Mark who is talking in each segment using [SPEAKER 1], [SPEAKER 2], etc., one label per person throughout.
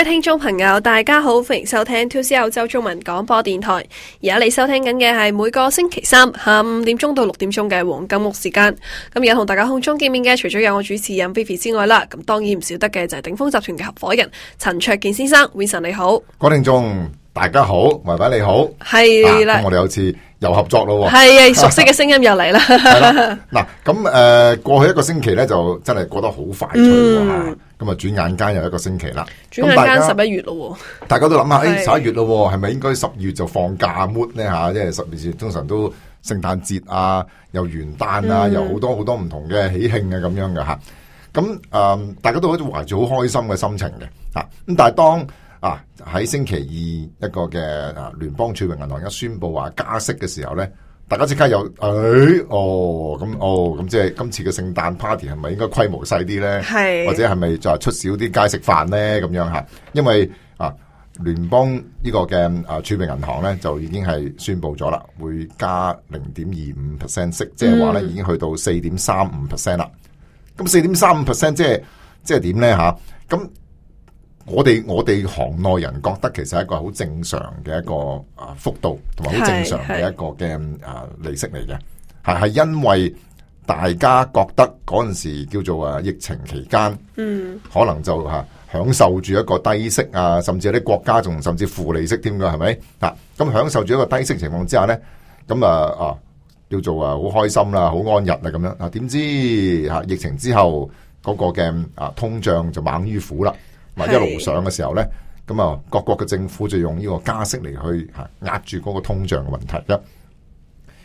[SPEAKER 1] 各位聽眾朋友，大家好，歡迎收聽 2CR 澳洲中文廣播電台。而家你收聽緊嘅係每個星期三下午五點鐘到六點鐘嘅黃金屋時間。今日同大家空中見面嘅，除咗有我主持人 Vivi 之外啦，咁當然唔少得嘅就係鼎豐集團嘅合夥人陳卓健先生。Vincent 你好，
[SPEAKER 2] 各位聽眾大家好，Vivi 你好，係啦，我哋有次又合作咯，係啊，熟悉嘅
[SPEAKER 1] 聲音又嚟啦。
[SPEAKER 2] 嗱，咁誒，過去一個星期咧，就真係過得好快脆。咁啊！轉眼間又一個星期啦，轉眼間十一
[SPEAKER 1] 月咯，大家，嗯、大家都諗下，哎、欸，十一月
[SPEAKER 2] 咯，係咪的應該十二月就放假末呢？吓的？因為十二月通常都聖誕節啊，又元旦啊，嗯、又好多好多唔同嘅喜慶啊，咁樣嘅吓。咁誒、呃，大家都可以懷住好開心嘅心情嘅吓。咁但係當啊喺星期二一個嘅聯邦儲備銀行一宣布話加息嘅時候咧。大家即刻又，誒、哎，哦，咁，哦，咁即係今次嘅聖誕 party 係咪應該規模細啲咧？是或者係咪就係出少啲街食飯咧？咁樣吓，因為啊，聯邦個、啊、呢個嘅啊儲備銀行咧就已經係宣布咗啦，會加零點二五 percent 息，即係話咧已經去到四點三五 percent 啦。咁四點三五 percent 即係即係點咧吓？咁。就是就是我哋我哋行內人覺得其實係一個好正常嘅一個啊幅度，同埋好正常嘅一個嘅啊利息嚟嘅，係係是因為大家覺得嗰陣時叫做啊疫情期間，嗯，可能就吓、啊、享受住一個低息啊，甚至有啲國家仲甚至負利息添噶，係咪？嗱、啊，咁享受住一個低息情況之下呢，咁啊啊叫做啊好開心啦，好安逸啊咁樣啊，點知吓、啊、疫情之後嗰、嗰個嘅啊通脹就猛於虎啦。咪一路上嘅時候咧，咁啊各國嘅政府就用呢個加息嚟去吓壓住嗰個通脹嘅問題。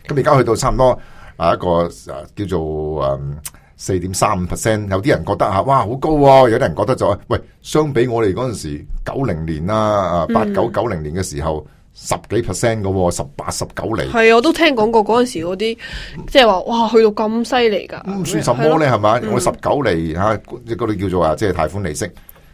[SPEAKER 2] 咁而家去到差唔多啊一個叫做誒四點三五 percent，有啲人覺得啊，哇好高啊！有啲人覺得就話喂，相比我哋嗰陣時九零年啦，啊八九九零年嘅時候十幾 percent 嘅，十八十九厘係啊，
[SPEAKER 1] 我都聽講過嗰陣時嗰啲即係話哇去到咁犀利噶，唔算什麼咧係咪，我
[SPEAKER 2] 十九厘吓，嗰啲叫做啊即係貸款利息。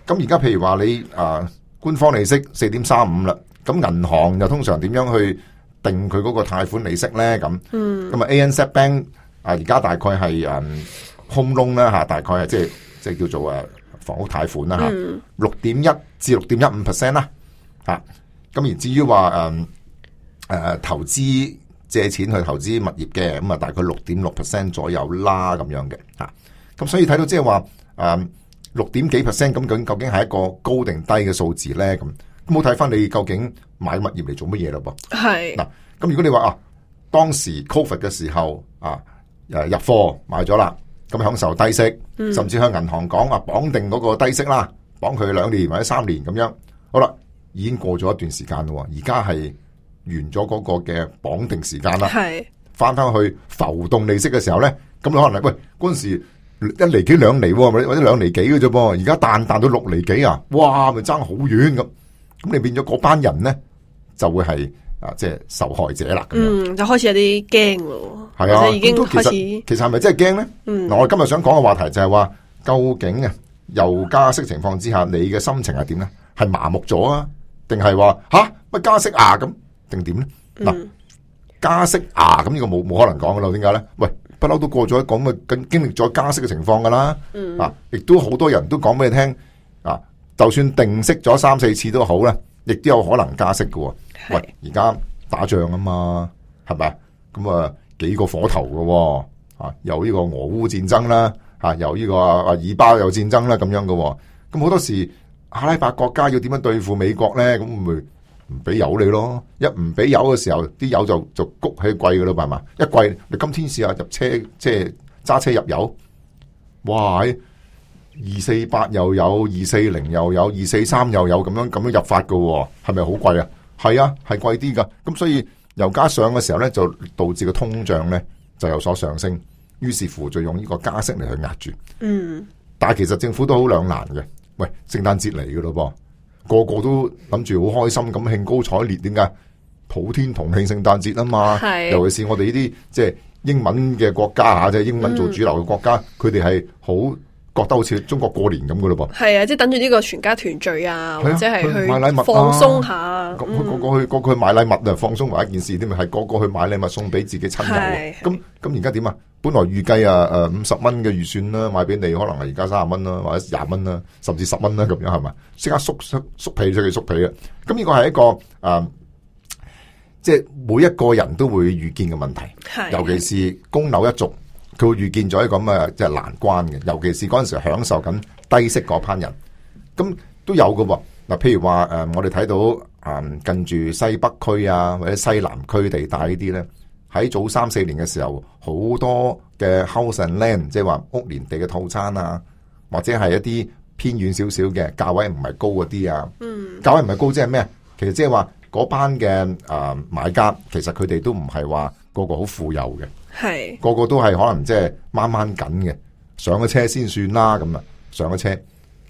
[SPEAKER 2] 咁而家譬如話你啊，官方利息四點三五啦，咁銀行又通常點樣去定佢嗰個貸款利息咧？咁、嗯，咁啊 ANZ Bank 啊，而家大概係嗯空窿啦吓，大概啊即係即係叫做啊房屋貸款啦吓，六點一至六點一五 percent 啦，啊，咁而至於話誒誒投資借錢去投資物業嘅，咁啊大概六點六 percent 左右啦咁樣嘅吓，咁所以睇到即係話誒。嗯六點幾 percent 咁咁，究竟係一個高定低嘅數字咧？咁冇睇翻，你究竟買物業嚟做乜嘢咯？噉是，嗱，咁如果你話啊，當時 Covid 嘅時候啊，誒入貨買咗啦，咁享受低息，嗯、甚至向銀行講啊，綁定嗰個低息啦，綁佢兩年或者三年咁樣，好啦，已經過咗一段時間啦，而家係完咗嗰個嘅綁定時間啦，係翻翻去浮動利息嘅時候咧，咁你可能嚟喂陣時。一厘幾兩厘，或者兩厘幾嘅啫噃，而家彈彈到六厘幾啊！哇，咪爭好遠咁，咁你變咗嗰班人咧，就會係啊，即係受害者啦。樣嗯，
[SPEAKER 1] 就開始有啲驚咯。係啊，都其實
[SPEAKER 2] 其實係咪真係驚咧？嗱、嗯，我今日想講嘅話題就係話，究竟啊，又加息情況之下，你嘅心情係點咧？係麻木咗啊，定係話吓？乜加息啊？咁定點咧？嗱，加息啊？咁呢、嗯加息啊、個冇冇可能講噶啦？點解咧？喂？不嬲都過咗咁嘅咁經歷咗加息嘅情況噶啦，啊，亦都好多人都講俾你聽，啊，就算定息咗三四次都好呢，亦都有可能加息喎、哦。是 喂，而家打仗啊嘛，係咪？咁啊，幾個火頭㗎、哦、啊，有呢個俄烏戰爭啦，啊、有呢、這個啊，啊，以巴有戰爭啦，咁樣嘅、哦。咁好多時阿拉伯國家要點樣對付美國咧？咁唔會。唔俾油你咯，一唔俾油嘅時候，啲油就就谷起貴噶啦，係咪啊？一貴，你今天試下入車，即係揸車入油，哇！二四八又有，二四零又有，二四三又有，咁樣咁樣入法噶，係咪好貴啊？係啊，係貴啲噶。咁所以油加上嘅時候咧，就導致個通脹咧就有所上升。於是乎就用呢個加息嚟去壓住。嗯。但係其實政府都好兩難嘅。喂，聖誕節嚟噶咯噃。個個都諗住好開心咁興高采烈，點解？普天同慶聖誕節啊嘛？是尤其是我哋呢啲即係英文嘅國家即係、就是、英文做主流嘅國家，佢哋係好。覺得好似中國過年咁嘅咯噃，係
[SPEAKER 1] 啊，即係等住呢個全家團聚啊，或者係去買禮物啊，放鬆下。個
[SPEAKER 2] 個去個佢買禮物啊，放鬆埋一件事，啲咪係個個去買禮物送俾自己親友。咁咁而家點啊？本來預計啊誒五十蚊嘅預算啦，買俾你可能係而家三十蚊啦，或者廿蚊啦，甚至十蚊啦咁樣係咪？即刻縮縮縮皮出去縮皮啊！咁呢個係一個誒，即係每一個人都會遇見嘅問題，尤其是供樓一族。佢會預見咗一個咁嘅即係難關嘅，尤其是嗰陣時享受緊低息嗰班人，咁都有㗎嗱，譬如話誒，我哋睇到啊，近住西北區啊或者西南區地帶呢啲咧，喺早三四年嘅時候，好多嘅 house and land，即係話屋連地嘅套餐啊，或者係一啲偏遠少少嘅價位唔係高嗰啲啊，價位唔係高即係咩？其實即係話嗰班嘅啊買家，其實佢哋都唔係話個個好富有嘅。係是個個都係可能即係掹掹緊嘅，上咗車先算啦咁啊，上咗車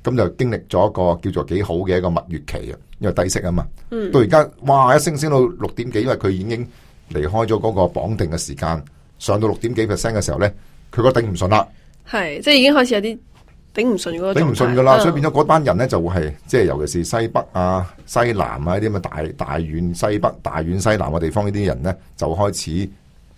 [SPEAKER 2] 咁就經歷咗一個叫做幾好嘅一個蜜月期啊，因為低息啊嘛。嗯、到而家哇，一升升到六點幾，因為佢已經離開咗嗰個綁定嘅時間，上到六點幾 percent 嘅時候咧，佢覺得頂唔順啦。
[SPEAKER 1] 係即係已經開始有啲頂唔順嗰，頂唔順噶啦，啊、所以變
[SPEAKER 2] 咗嗰班人咧就會係即係，尤其是西北啊、西南啊呢啲咁嘅大大遠西北、大遠西南嘅地方呢啲人咧，就開始。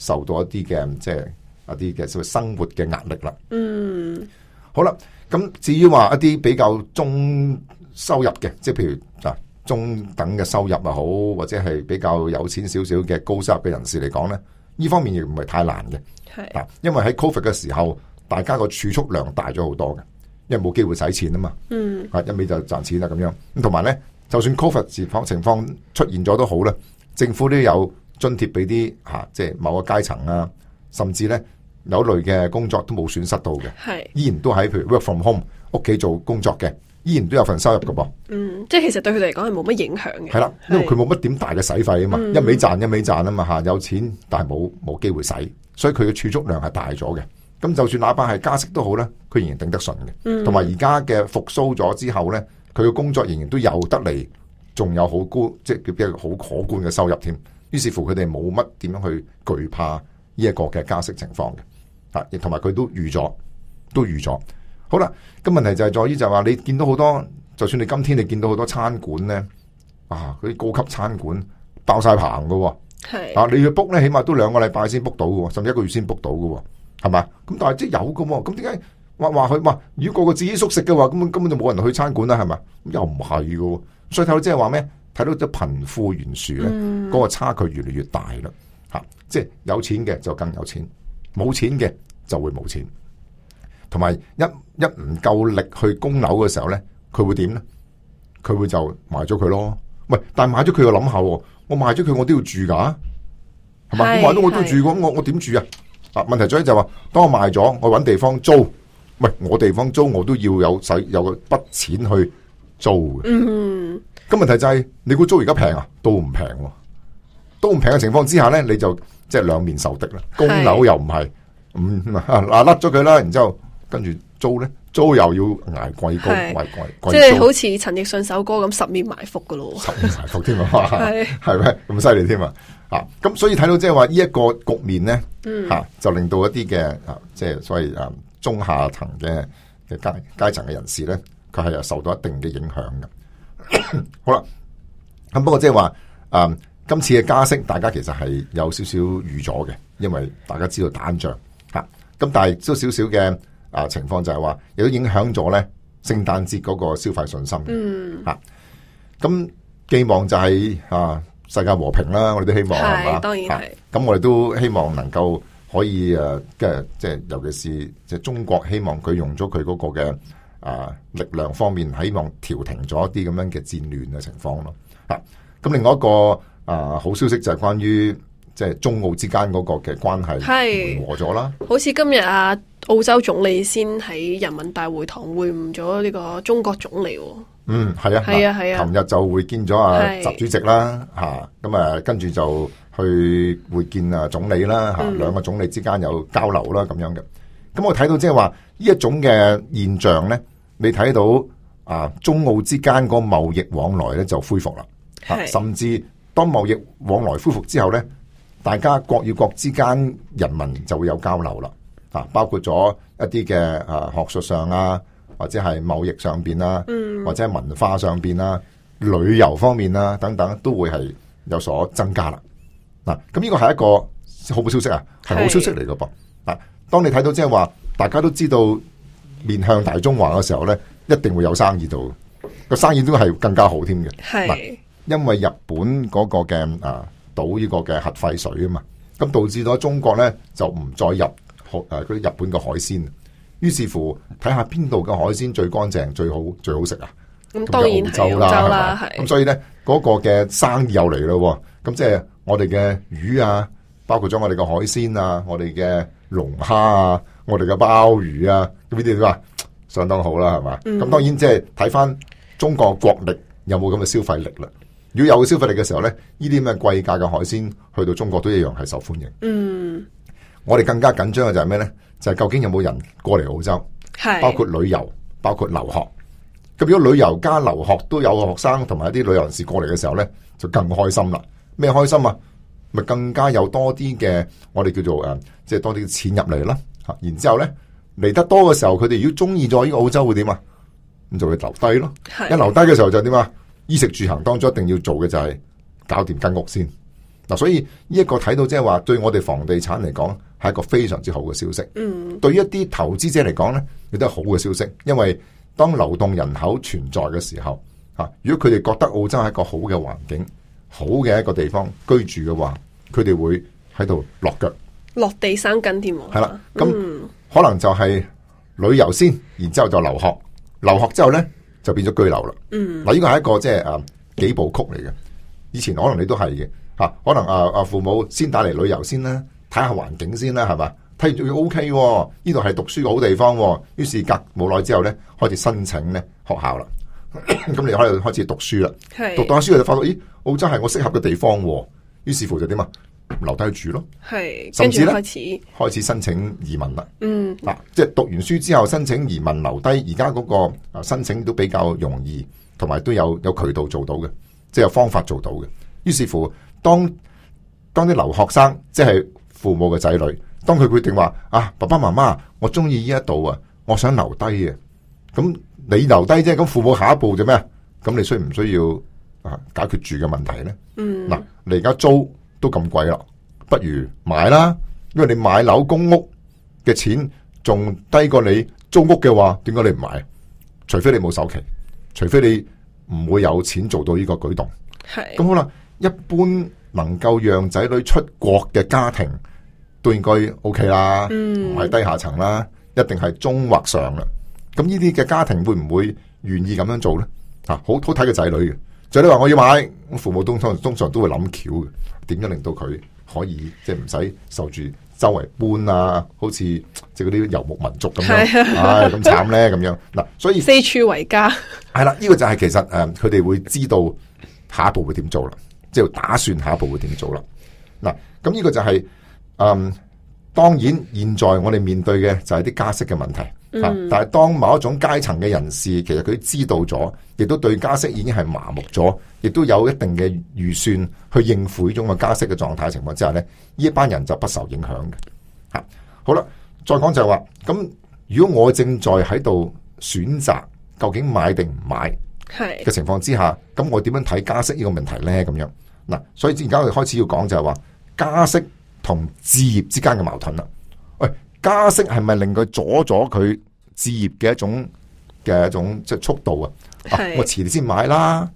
[SPEAKER 2] 受到一啲嘅即係一啲嘅生活嘅壓力啦。嗯，好啦，咁至於話一啲比較中收入嘅，即係譬如啊中等嘅收入又好，或者係比較有錢少少嘅高收入嘅人士嚟講咧，呢方面亦唔係太難嘅。係是啊，因為喺 Covid 嘅時候，大家個儲蓄量大咗好多嘅，因為冇機會使錢啊嘛。嗯啊，一味就賺錢啦咁樣。咁同埋咧，就算 Covid 時況情況出現咗都好啦，政府都有。津貼俾啲嚇即係某個階層啊，甚至咧有一類嘅工作都冇損失到嘅，是依然都喺譬如 work from home 屋企做工作嘅，依然都有份收入㗎噃、嗯。嗯，
[SPEAKER 1] 即係其實對佢哋嚟講係冇乜影響嘅。係啦的，是因為佢
[SPEAKER 2] 冇乜點大嘅使費啊嘛，嗯、一味賺一味賺啊嘛嚇，有錢但係冇冇機會使，所以佢嘅儲蓄量係大咗嘅。咁就算哪怕係加息都好咧，佢仍然頂得順嘅。同埋而家嘅復蘇咗之後咧，佢嘅工作仍然都有得嚟，仲有好高即係叫咩好可觀嘅收入添。於是乎佢哋冇乜點樣去懼怕呢一個嘅加息情況嘅，啊，亦同埋佢都預咗，都預咗。好啦，咁問題就係在於就話你見到好多，就算你今天你見到好多餐館咧，啊，嗰啲高級餐館爆晒棚㗎
[SPEAKER 1] 喎。是啊，
[SPEAKER 2] 你要 book 咧，起碼都兩個禮拜先 book 到喎，甚至一個月先 book 到喎，係嘛？咁但係即有㗎喎，咁點解話話佢話如果個個自己縮食嘅話，根本根本就冇人去餐館啦，係咪？咁又唔係嘅，所以睇到即係話咩？睇到啲貧富懸殊咧，嗰個差距越嚟越大啦，吓，即係有錢嘅就更有錢，冇錢嘅就會冇錢，同埋一一唔夠力去供樓嘅時候咧，佢會點咧？佢會就賣咗佢咯。唔係，但係賣咗佢嘅諗下，我賣咗佢我都要住噶
[SPEAKER 1] 係嘛？我賣咗我都住，
[SPEAKER 2] 咁我我點住啊？啊，問題在於就話，當我賣咗，我搵地方租，唔係我地方租，我都要有使有個筆錢去租。嗯。咁問題就係你估租而家平啊？都唔平，啊，都唔平嘅情況之下咧，你就即係兩面受敵啦。供樓又唔係，嗯嗱甩咗佢啦，然之後跟住租咧，租又要挨貴高，是挨貴高貴即係好
[SPEAKER 1] 似陳奕迅首歌咁，十面埋伏噶咯，十面
[SPEAKER 2] 埋伏添啊，係係咩咁犀利添啊？啊，咁所以睇到即係話呢一個局面咧，吓、嗯啊、就令到一啲嘅即係所謂啊，就是、謂中下層嘅嘅階階層嘅人士咧，佢係又受到一定嘅影響嘅。 好啦，咁不過即係話，啊、嗯，今次嘅加息，大家其實係有少少預咗嘅，因為大家知道打緊仗吓，咁、啊、但係都少少嘅啊情況就係話，亦都影響咗咧聖誕節嗰個消費信心嘅吓，咁、嗯啊、寄望就喺、是、啊世界和平啦，我哋都希望係是吧當然係，咁、啊、我哋都希望能夠可以誒，即係即係，就是、尤其是即係中國，希望佢用咗佢嗰個嘅。啊！力量方面，希望調停咗一啲咁樣嘅戰亂嘅情況咯。咁、啊、另外一個啊好消息就係關於即係、就是、中澳之間嗰個嘅關係係和咗啦。
[SPEAKER 1] 好似今日啊，澳洲總理先喺人民大會堂會晤咗呢個中國總理、啊。嗯，
[SPEAKER 2] 係啊，係啊，係啊。琴日、啊、就會見咗啊習主席啦，咁啊，跟住就去會見啊總理啦，嚇、啊嗯、兩個總理之間有交流啦，咁樣嘅。咁我睇到即係話呢一種嘅現象咧。你睇到啊，中澳之間個貿易往來咧就恢復啦，是甚至當貿易往來恢復之後咧，大家國與國之間人民就會有交流啦，啊，包括咗一啲嘅誒學術上啊，或者係貿易上邊啦、啊，嗯、或者係文化上邊啦、啊，旅遊方面啦、啊、等等，都會係有所增加啦。嗱，咁呢個係一個好好消息啊，係好消息嚟噶噃。啊是，當你睇到即係話大家都知道。面向大中華嘅時候呢，一定會有生意到，個生意都係更加好添嘅。係是，因為日本嗰個嘅啊，倒依個呢個嘅核廢水啊嘛，咁導致到中國呢就唔再入海誒啲日本嘅海鮮。於是乎睇下邊度嘅海鮮最乾淨、最好、最好食啊！咁、
[SPEAKER 1] 嗯、當然係，咁吧是所以
[SPEAKER 2] 呢，嗰、那個嘅生意又嚟啦。咁即係我哋嘅魚啊，包括咗我哋嘅海鮮啊，我哋嘅龍蝦啊。我哋嘅鮑魚啊，咁呢啲都話相當好啦，係嘛？咁、嗯、當然即係睇翻中國國力有冇咁嘅消費力啦。如果有消費力嘅時候咧，呢啲咁嘅貴價嘅海鮮去到中國都一樣係受歡迎。嗯，我哋更加緊張嘅就係咩咧？就係、是、究竟有冇人過嚟澳洲？
[SPEAKER 1] 是包括
[SPEAKER 2] 旅遊，包括留學。咁如果旅遊加留學都有學生同埋一啲旅遊人士過嚟嘅時候咧，就更開心啦。咩開心啊？咪更加有多啲嘅我哋叫做誒，即、就、係、是、多啲錢入嚟啦。然之後呢嚟得多嘅時候，佢哋如果中意咗呢個澳洲會點啊？咁就會留低咯。的一留低嘅時候就點啊？衣食住行當中一定要做嘅就係搞掂間屋先。嗱、啊，所以呢一個睇到即係話，對我哋房地產嚟講係一個非常之好嘅消息。嗯，對於一啲投資者嚟講呢，亦都係好嘅消息，因為當流動人口存在嘅時候，吓、啊，如果佢哋覺得澳洲係一個好嘅環境、好嘅一個地方居住嘅話，佢哋會喺度落腳。
[SPEAKER 1] 落地生根添喎，係啦，咁
[SPEAKER 2] 可能就係旅遊先，然之後就留學，留學之後咧就變咗居留啦。嗯，嗱，呢個係一個即係啊幾部曲嚟嘅。以前可能你都係嘅吓，可能啊啊父母先帶嚟旅遊先啦，睇下環境先啦，係嘛，睇完仲要 O K，呢度係讀書嘅好地方喎。於是隔冇耐之後咧，開始申請咧學校啦。咁你可以開始讀書啦，是讀到書就發覺咦，澳洲係我適合嘅地方喎。於是乎就點啊？留低住咯，
[SPEAKER 1] 係，甚至咧
[SPEAKER 2] 開始申請移民啦。
[SPEAKER 1] 嗯，嗱，
[SPEAKER 2] 即係讀完書之後申請移民留低，而家嗰個啊申請都比較容易，同埋都有有渠道做到嘅，即係有方法做到嘅。於是乎，當當啲留學生即係父母嘅仔女，當佢決定話啊，「爸爸媽媽，我中意呢一度啊，我想留低啊。」咁你留低啫，咁父母下一步做咩？咁你需唔需要啊解決住嘅問題咧？嗯，嗱，你而家租？都咁貴啦，不如買啦。因為你買樓供屋嘅錢仲低過你租屋嘅話，點解你唔買？除非你冇首期，除非你唔會有錢做到呢個舉動。係咁是好啦，一般能夠讓仔女出國嘅家庭都應該 OK 啦，唔係低下層啦，嗯、一定係中或上啦。咁呢啲嘅家庭會唔會願意咁樣做呢？吓，好好睇嘅仔女嘅。就你話我要買，父母通常通常都會諗橋嘅，點樣令到佢可以即係唔使受住周圍搬啊，好似即係嗰啲游牧民族咁樣，唉，咁慘咧咁樣嗱，所以四處為家係啦，呢個就係其實誒，佢哋會知道下一步會點做啦，即係打算下一步會點做啦。嗱，咁呢個就係嗯，當然現在我哋面對嘅就係啲加息嘅問題。但係當某一種階層嘅人士，其實佢知道咗，亦都對加息已經係麻木咗，亦都有一定嘅預算去應付呢種嘅加息嘅狀態情況之下咧，呢一班人就不受影響嘅。吓，好啦，再講就係話，咁如果我正在喺度選擇究竟買定唔買嘅情況之下，咁是我點樣睇加息呢個問題呢？咁樣嗱，所以而家我哋開始要講就係話，加息同置業之間嘅矛盾啦。加息係咪令佢阻咗佢置業嘅一種嘅一種即係速度啊？啊是的 我遲啲先買啦，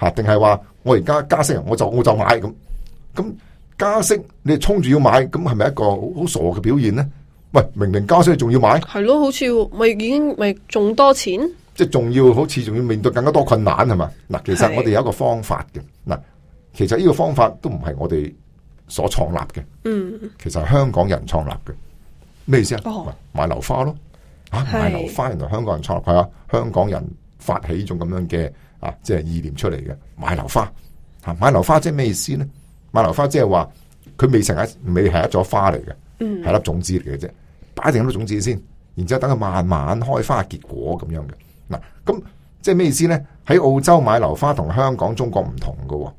[SPEAKER 2] 吓定係話我而家加息啊，我就我就買咁。咁加息你衝住要買，咁係咪一個好傻嘅表現咧？喂，明明加息仲要買？係咯，好似咪已經
[SPEAKER 1] 咪仲多錢？
[SPEAKER 2] 即係仲要好似仲要面對更加多困難係嘛？嗱，其實我哋有一個方法嘅。嗱，其實呢個方法都唔係我哋所創立嘅，嗯，其實係香港人創立嘅。咩意思啊？Oh. 買樓花咯，啊買樓花，原來香港人創立係啊，香港人發起呢種咁樣嘅啊，即係意念出嚟嘅，買樓花，啊買樓花即係咩意思咧？買樓花即係話佢未成，未成一未係、mm. 一朵花嚟嘅，
[SPEAKER 1] 嗯，係粒
[SPEAKER 2] 種子嚟嘅啫，擺定咁多種子先，然之後等佢慢慢開花結果咁樣嘅。嗱，咁、啊嗯、即係咩意思咧？喺澳洲買樓花同香港中國唔同嘅，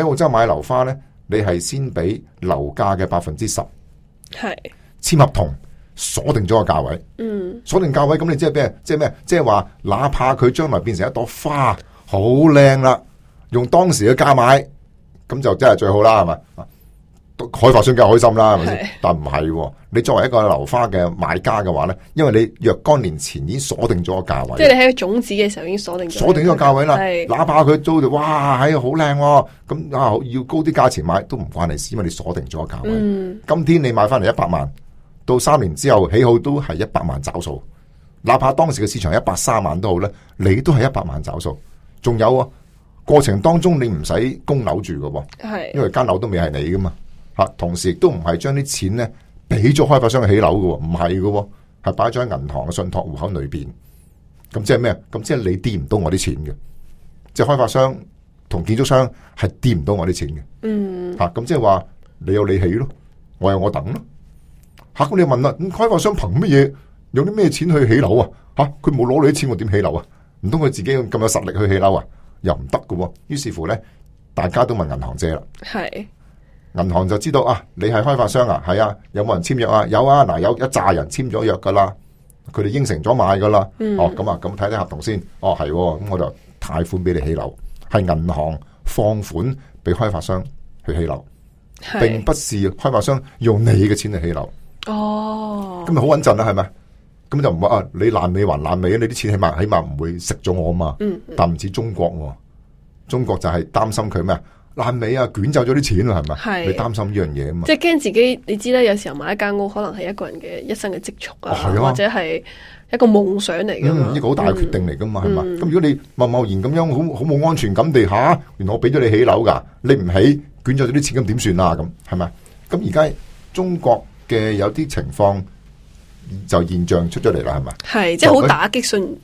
[SPEAKER 2] 喺澳洲買樓花咧，你係先俾樓價嘅百分之十，係簽是合同。鎖定咗個價位，鎖定價位，咁你即係咩？即係咩？即係話，哪怕佢將來變成一朵花，好靚啦，用當時嘅價買，咁就真係最好啦，係咪？開發商梗係開心啦，係咪先？但唔係，你作為一個樓花嘅買家嘅話咧，因為你若干年前已鎖定咗個價位，即係你喺
[SPEAKER 1] 個種子嘅時候已經鎖定個價位，鎖定呢個價位啦。是哪
[SPEAKER 2] 怕佢租到，哇，係好靚，咁啊，要高啲價錢買都唔關你事，因為你鎖定咗個價
[SPEAKER 1] 位。嗯、
[SPEAKER 2] 今天你買翻嚟一百萬。到三年之後起好都係一百萬找數，哪怕當時嘅市場一百三萬都好咧，你都係一百萬找數。仲有啊，過程當中你唔使供樓住嘅，的因為間樓都未係你噶嘛。吓，同時亦都唔係將啲錢咧俾咗開發商起樓嘅，唔係嘅，係擺咗喺銀行嘅信託戶口裏邊。咁即係咩啊？咁即係你掂唔到我啲錢嘅，即係開發商同建築商係掂唔到我啲錢嘅。嗯，吓咁即係話你有你起咯，我有我等咯。吓！咁你又問啦，啊？咁開發商憑乜嘢用啲咩錢去起樓啊？吓，啊，佢冇攞你啲錢，我點起樓啊？唔通佢自己咁有實力去起樓啊？又唔得噶？於是乎咧，大家都問銀行借啦。係銀是行就知道啊，你係開發商啊，係啊，有冇人簽約啊？有啊，嗱，啊，有一紮人簽咗約噶啦，佢哋應承咗買噶啦。嗯，哦，咁啊，咁睇啲合同先。哦，係咁，啊，我就貸款俾你起樓，係銀行放款俾開發商去起樓，
[SPEAKER 1] 是並不
[SPEAKER 2] 是開發商用你嘅錢嚟起樓。哦，咁咪好穩陣啦，係咪？咁就唔啊，你爛尾還爛尾啊！你啲錢起碼起碼唔會食咗我啊嘛，嗯嗯，但唔似中國，啊，中國就係擔心佢咩爛尾啊，捲走咗啲錢啊，係咪？是你擔心呢樣嘢啊嘛，即
[SPEAKER 1] 係驚自己，你知啦，有時候買一間屋可能係一個人嘅一生嘅積蓄啊，哦，啊或者係一個夢想嚟嘅，啊，呢，嗯，個好大嘅決
[SPEAKER 2] 定嚟噶嘛，係咪，嗯？咁如果你貿貿然咁樣好好冇安全感地下，原來我俾咗你起樓噶，你唔起捲走咗啲錢咁點算啊？咁係咪？咁而家中國。嘅有啲情況就現象出咗嚟啦，係咪？
[SPEAKER 1] 係即係好打擊信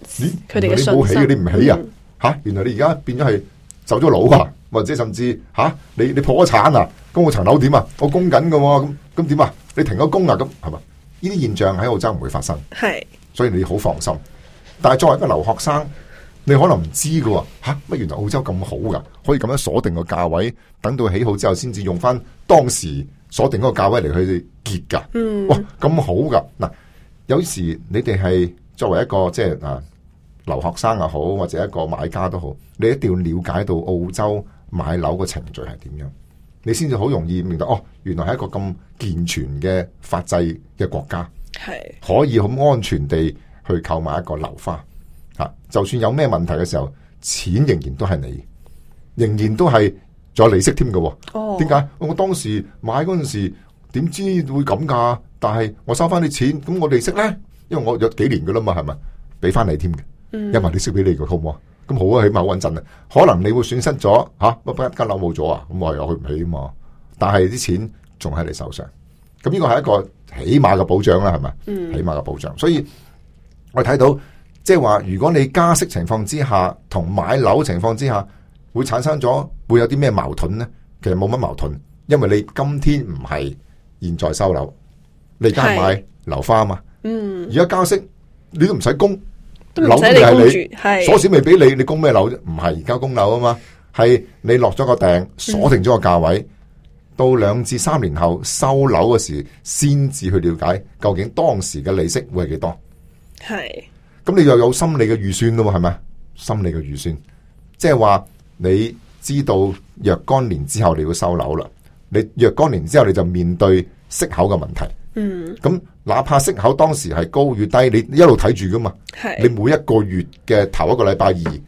[SPEAKER 1] 佢哋嘅信心，你冇起你唔起啊？吓、
[SPEAKER 2] 嗯啊，原來你而家變咗係走咗佬啊，或者甚至吓、啊、你你破咗產啊？咁我層樓點啊？我供緊嘅，咁咁點啊？你停咗供啊？咁係嘛？呢啲現象喺澳洲唔會發生？係是，所以你好放心。但係作為一個留學生，你可能唔知嘅吓，乜、啊、原來澳洲咁好噶，可以咁樣鎖定個價位，等到起好之後先至用翻當時。鎖定嗰個價位嚟去結噶，哇咁好噶！嗱，有時你哋係作為一個即係啊留學生也好，或者一個買家都好，你一定要了解到澳洲買樓嘅程序係點樣，你先至好容易明白哦。原來係一個咁健全嘅法制嘅國家，係可以咁安全地去購買一個樓花吓，就算有咩問題嘅時候，錢仍然都係你，仍然都係。仲有利息添嘅，點解？我當時買嗰陣時，點知會咁噶？但係我收翻啲錢，咁我利息咧，因為我有幾年㗎啦嘛，係咪？俾翻你添嘅，一萬啲息俾你嘅，好唔好咁好啊，起碼好穩陣啊！可能你會損失咗吓，一間樓冇咗啊，咁我又去唔起嘛？但係啲錢仲喺你手上，咁呢個係一個起碼嘅保障啦，係咪？嗯、起碼嘅保障，所以我哋睇到即係話，就是、如果你加息情況之下，同買樓情況之下。會產生咗會有啲咩矛盾咧？其實冇乜矛盾，因為你今天唔係現在收樓，你而家係買樓花嘛。
[SPEAKER 1] 嗯，而
[SPEAKER 2] 家加息，你都唔使供，
[SPEAKER 1] 都唔使你供住，鎖匙未
[SPEAKER 2] 俾你，你供咩樓啫？唔係而家供樓啊嘛，係你落咗個訂，鎖定咗個價位，嗯、到兩至三年後收樓嘅時，先至去了解究竟當時嘅利息會係幾多。係咁是，你又有心理嘅預算咯，係咪？心理嘅預算，即係話。你知道若干年之後你要收樓啦，你若干年之後你就面對息口嘅問題。嗯，咁哪怕息口當時係高與低，你一路睇住噶嘛。係，你每一個月嘅頭一個禮拜二，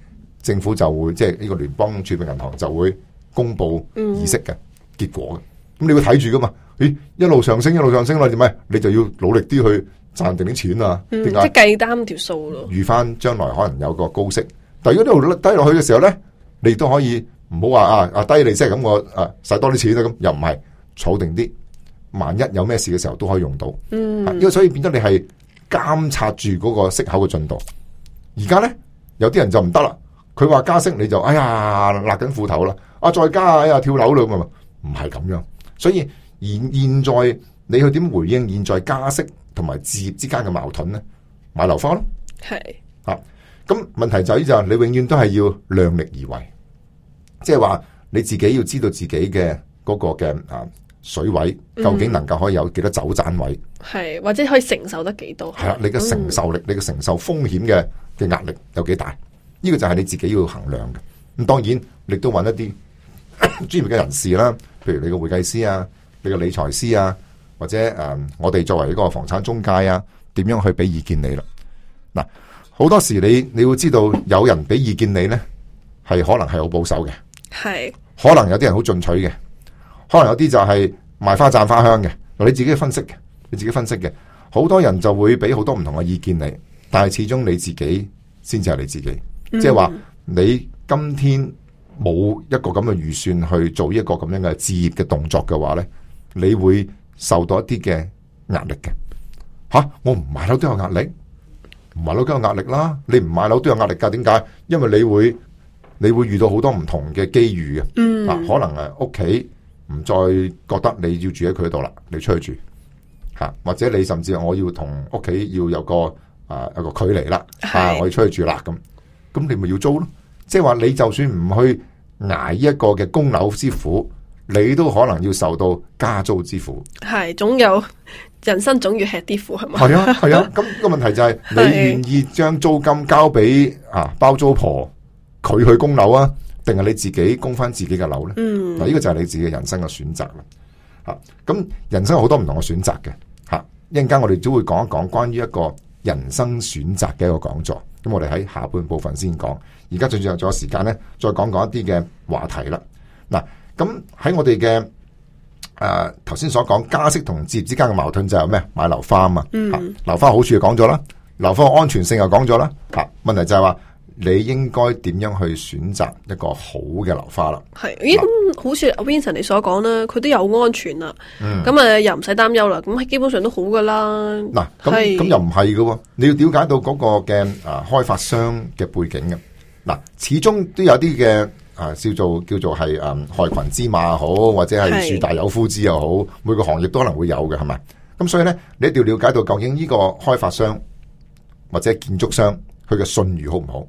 [SPEAKER 2] 政府就會即係呢個聯邦儲備銀行就會公布議息嘅結果嘅。咁你會睇住噶嘛？咦，一路上升，一路上升啦，點解？你就要努力啲去賺定啲錢啊？點解？即係計
[SPEAKER 1] 啱條數咯。預
[SPEAKER 2] 翻將來可能有個高息，但如果一路低落去嘅時候咧？你都可以唔好話，啊、啊低利息，咁我啊使多啲錢，咁又唔係儲定啲，萬一有咩事嘅時候都可以用到。嗯，因為所以變咗你係監察住嗰個息口嘅進度。而家咧，有啲人就唔得啦，佢話加息你就哎呀勒緊褲頭啦，啊再加啊、哎、跳樓啦咁啊，唔係咁樣。所以現現在你去點回應現在加息同埋置業之間嘅矛盾咧？買樓花咯，係是啊。咁問題就係，你永遠都係要量力而為。即係話你自己要知道自己嘅嗰個嘅啊水位究竟能夠可以有幾多走盞位，嗯，
[SPEAKER 1] 係或者可以承受得幾多，多？係啦，你嘅承
[SPEAKER 2] 受力，嗯、你嘅承受風險嘅嘅壓力有幾大？呢、這個就係你自己要衡量嘅。咁當然，你都揾一啲專業嘅人士啦，譬如你個會計師啊，你個理財師啊，或者誒，我哋作為一個房產中介啊，點樣去俾意見你啦？嗱，好多時你你會知道有人俾意見你呢，係可能係好保守嘅。
[SPEAKER 1] 係
[SPEAKER 2] 是可能有啲人好進取嘅，可能有啲就係賣花讚花香嘅。你自己分析嘅，你自己分析嘅，好多人就會俾好多唔同嘅意見你，但係始終你自己先至係你自己。即係話你今天冇一個咁嘅預算去做一個咁樣嘅置業嘅動作嘅話呢，你會受到一啲嘅壓力嘅。吓、啊，我唔買樓都有壓力，唔買樓都有壓力啦。你唔買樓都有壓力噶？點解？因為你會。你會遇到好多唔同嘅機遇嘅，嗯、啊，可能誒屋企唔再覺得你要住喺佢度啦，你出去住吓、啊，或者你甚至我要同屋企要有個啊有一個距離啦，是啊，我要出去住啦咁，咁你咪要租咯。即係話你就算唔去挨一個嘅供樓之苦，你都可能要受到加租之苦。
[SPEAKER 1] 係，總有人生總要吃啲苦係嘛。係啊，
[SPEAKER 2] 係啊。咁、咁個問題就係你願意將租金交俾啊包租婆？佢去供樓啊，定係你自己供翻自己嘅樓呢？呢、mm. 個就係你自己嘅人生嘅選擇啦。吓、啊，咁人生好多唔同嘅選擇嘅吓。一陣間我哋都會講一講關於一個人生選擇嘅一個講座。咁我哋喺下半部分先講。而家最重要仲有時間呢，再講講一啲嘅話題啦。嗱、啊，咁喺我哋嘅誒頭先所講加息同置業之間嘅矛盾就係咩？買樓花啊嘛，吓、啊，樓、mm. 啊、花好處講咗啦，樓花安全性又講咗啦，吓、啊，問題就係話。你應該點樣去選擇一個好嘅樓花啦？
[SPEAKER 1] 係，咦、欸，咁嘍好似 Vincent 你所講啦，佢都有安全啦，咁啊又唔使擔憂啦，咁基本上都好噶啦。嗱，咁咁是又唔
[SPEAKER 2] 係噶，你要了解到嗰個嘅啊開發商嘅背景嘅。嗱，始終都有啲嘅啊，叫做叫做係啊害群之馬好，或者係樹大有枯枝又好，是每個行業都可能會有嘅，係咪？咁所以咧，你一定要了解到究竟呢個開發商或者建築商佢嘅信譽好唔好？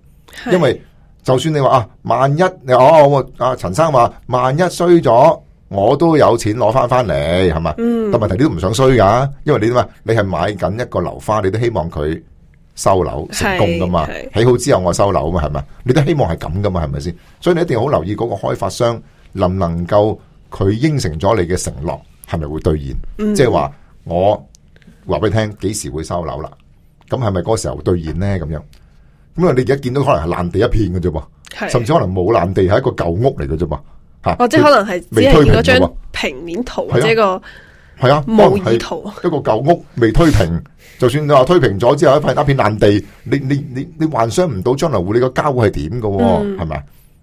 [SPEAKER 2] 因為就算你話啊，萬一你哦，阿、啊、陳生話，萬一衰咗，我都有錢攞翻翻嚟，係咪？嗯，但問題你都唔想衰噶，因為你點啊？你係買緊一個樓花，你都希望佢收樓成功噶嘛？起好之後我收樓嘛？係咪？你都希望係咁噶嘛？係咪先？所以你一定好留意嗰個開發商能唔能夠佢應承咗你嘅承諾係咪會兌現？即係話我話俾你聽，幾時會收樓啦？咁係咪嗰個時候兌現咧？咁樣？咁啊！因為你而家見到可能係爛地一片嘅啫嘛，的甚至可能冇爛地係一個舊屋嚟嘅啫嘛，吓哦，它 即係可能係未推
[SPEAKER 1] 平嗰張平
[SPEAKER 2] 面圖，呢個係啊，冇圖，啊、一個舊屋未推平， 就算你話推平咗之後一派一片爛地，你你你你，你幻想唔到將來會你個交戶係點嘅，係咪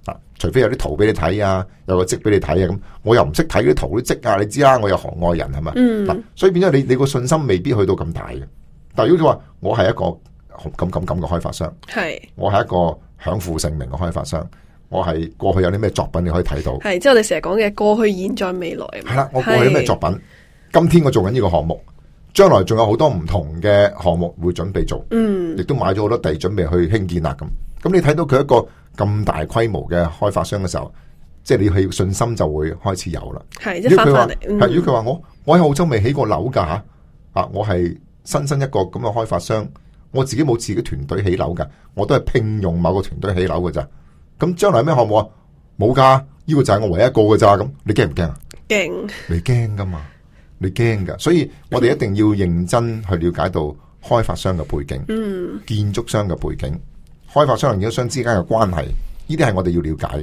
[SPEAKER 2] 啊？除非有啲圖俾你睇啊，有個積俾你睇啊，咁我又唔識睇啲圖啲積啊，你知啦，我又行外人係咪？嗱，嗯、所以變咗你你個信心未必去到咁大嘅。但係如果話我係一個。咁咁咁嘅開發商，
[SPEAKER 1] 係是我
[SPEAKER 2] 係一個享負盛名嘅開發商，我係過去有啲咩作品你可以睇到，係
[SPEAKER 1] 即係我哋成日講嘅過去、現在、未來係啦。我過去啲咩作
[SPEAKER 2] 品，是今天我做緊呢個項目，將來仲有好多唔同嘅項目會準備做，嗯，亦都買咗好多地準備去興建啦。咁咁你睇到佢一個咁大規模嘅開發商嘅時候，即係你要信心就會開始有啦。係，如果佢話，如果佢話我我喺澳洲未起過樓噶吓，啊，我係新生一個咁嘅開發商。我自己冇自己團隊起樓噶，我都係聘用某個團隊起樓嘅咋。咁將來咩項目啊？冇噶，呢個就係我唯一一個嘅咋。咁你驚唔驚啊？驚，你驚噶嘛？你驚噶，所以我哋一定要認真去了解到開發商嘅背景、嗯、建築商嘅背景、開發商同建築商之間嘅關係，呢啲係我哋要了解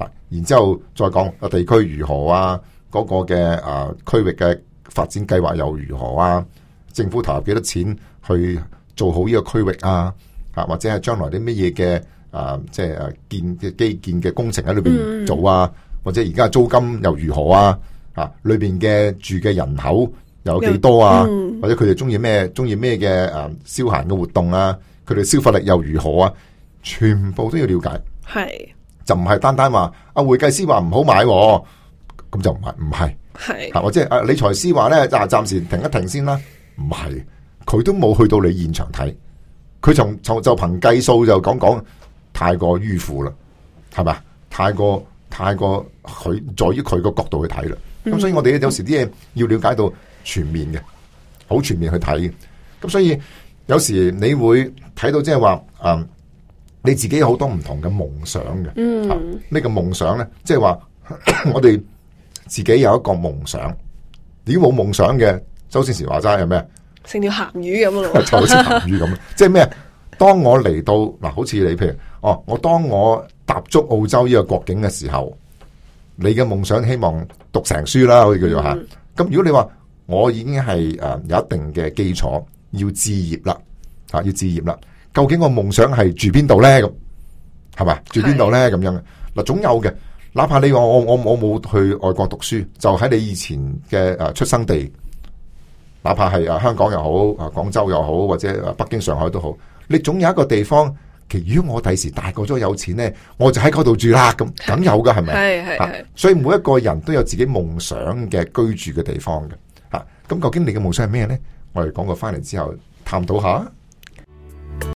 [SPEAKER 2] 嘅。然之後再講個地區如何啊，嗰個嘅啊區域嘅發展計劃又如何啊？政府投入幾多錢去？做好呢個區域啊，啊或者係將來啲乜嘢嘅啊，即係啊建嘅基建嘅工程喺裏邊做啊，嗯、或者而家租金又如何啊？啊，裏邊嘅住嘅人口又有幾多啊？嗯、或者佢哋中意咩中意咩嘅啊消閒嘅活動啊？佢哋消費力又如何啊？全部都要了解。係是就唔係單單話啊會計師話唔好買，啊，咁就唔係唔係。係是或者啊理財師話咧，暫、啊、暫時停一停先啦，唔係。佢都冇去到你現場睇，佢從就憑計數就憑計數就講講太過迂腐啦，係嘛？太過太過佢在於佢個角度去睇啦，咁所以我哋有時啲嘢要了解到全面嘅，好全面去睇。咁所以有時你會睇到即係話，誒、嗯，你自己有好多唔同嘅夢想嘅，嗯、夢想呢嘅夢想咧？即係話我哋自己有一個夢想，你冇夢想嘅，周星馳話齋係咩？
[SPEAKER 1] 成條鹹魚咁咯， 就
[SPEAKER 2] 好似鹹魚咁， 即係咩？當我嚟到嗱，好似你譬如哦、啊，我當我踏足澳洲呢個國境嘅時候，你嘅夢想希望讀成書啦，可以叫做吓。咁、嗯啊、如果你話我已經係誒、啊、有一定嘅基礎，要置業啦，吓、啊、要置業啦，究竟個夢想係住邊度咧？咁係嘛，住邊度咧？咁樣嘅嗱，總有嘅。哪怕你話我我我冇去外國讀書，就喺你以前嘅誒出生地。哪怕係啊香港又好，啊廣州又好，或者北京、上海都好，你總有一個地方。其如果我第時大個咗有錢呢，我就喺嗰度住啦。咁梗有噶係咪？係係、 啊、所以每一個人都有自己夢想嘅居住嘅地方嘅。吓、啊、咁，那究竟你嘅夢想係咩呢？我哋講過翻嚟之後探討下。